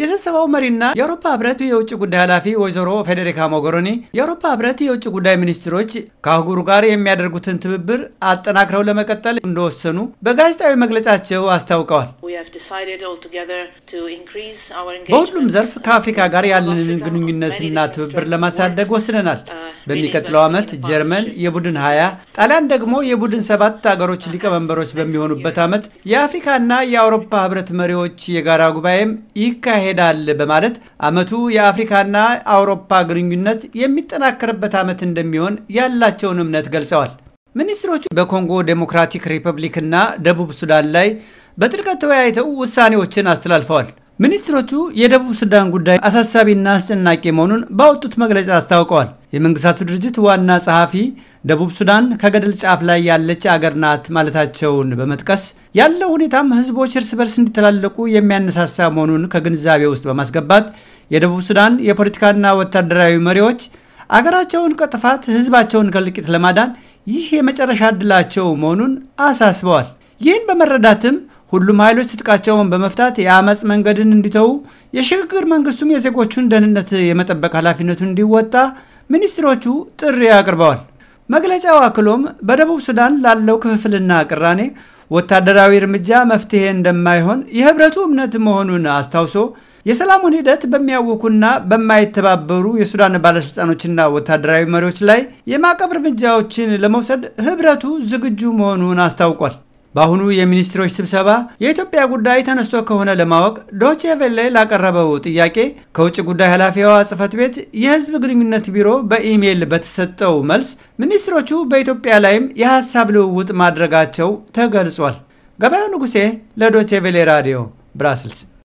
የስብሰባው መሪና የአውሮፓ ህብረቱ የውጭ ጉዳይ ኃላፊ ወይዘሮ ፌዴሪካ ሞጎሮኒ የአውሮፓ ህብረት የውጭ ጉዳይ ሚኒስትሮች ከአህጉሩ ጋር የሚያደርጉትን ትብብር አጠናክረው ለመቀጠል እንደወሰኑ በጋዜጣዊ መግለጫቸው አስታውቀዋል። በሁሉም ዘርፍ ከአፍሪካ ጋር ያለንን ግንኙነትና ትብብር ለማሳደግ ወስነናል። uh, በሚቀጥለው ዓመት ጀርመን የቡድን 20 ጣሊያን ደግሞ የቡድን ሰባት አገሮች ሊቀመንበሮች በሚሆኑበት ዓመት የአፍሪካና የአውሮፓ ህብረት መሪዎች የጋራ ጉባኤም ይካሄዳል በማለት ዓመቱ የአፍሪካና አውሮፓ ግንኙነት የሚጠናከርበት ዓመት እንደሚሆን ያላቸውን እምነት ገልጸዋል። ሚኒስትሮቹ በኮንጎ ዴሞክራቲክ ሪፐብሊክና ደቡብ ሱዳን ላይ በጥልቀት ተወያይተው ውሳኔዎችን አስተላልፈዋል። ሚኒስትሮቹ የደቡብ ሱዳን ጉዳይ አሳሳቢና አስጨናቂ መሆኑን ባወጡት መግለጫ አስታውቀዋል። የመንግስታቱ ድርጅት ዋና ጸሐፊ ደቡብ ሱዳን ከገደል ጫፍ ላይ ያለች አገር ናት ማለታቸውን በመጥቀስ ያለው ሁኔታም ህዝቦች እርስ በርስ እንዲተላለቁ የሚያነሳሳ መሆኑን ከግንዛቤ ውስጥ በማስገባት የደቡብ ሱዳን የፖለቲካና ወታደራዊ መሪዎች አገራቸውን ከጥፋት ህዝባቸውን ከልቂት ለማዳን ይህ የመጨረሻ እድላቸው መሆኑን አሳስበዋል። ይህን በመረዳትም ሁሉም ኃይሎች ትጥቃቸውን በመፍታት የአመፅ መንገድን እንዲተዉ፣ የሽግግር መንግስቱም የዜጎቹን ደህንነት የመጠበቅ ኃላፊነቱን እንዲወጣ ሚኒስትሮቹ ጥሪ አቅርበዋል። መግለጫው አክሎም በደቡብ ሱዳን ላለው ክፍፍልና ቅራኔ ወታደራዊ እርምጃ መፍትሄ እንደማይሆን የህብረቱ እምነት መሆኑን አስታውሶ የሰላሙን ሂደት በሚያውኩና በማይተባበሩ የሱዳን ባለሥልጣኖችና ወታደራዊ መሪዎች ላይ የማዕቀብ እርምጃዎችን ለመውሰድ ህብረቱ ዝግጁ መሆኑን አስታውቋል። በአሁኑ የሚኒስትሮች ስብሰባ የኢትዮጵያ ጉዳይ ተነስቶ ከሆነ ለማወቅ ዶቼ ቬለ ላቀረበው ጥያቄ ከውጭ ጉዳይ ኃላፊዋ ጽሕፈት ቤት የሕዝብ ግንኙነት ቢሮ በኢሜይል በተሰጠው መልስ ሚኒስትሮቹ በኢትዮጵያ ላይም የሀሳብ ልውውጥ ማድረጋቸው ተገልጿል። ገበያው ንጉሴ ለዶቼ ቬለ ራዲዮ ብራስልስ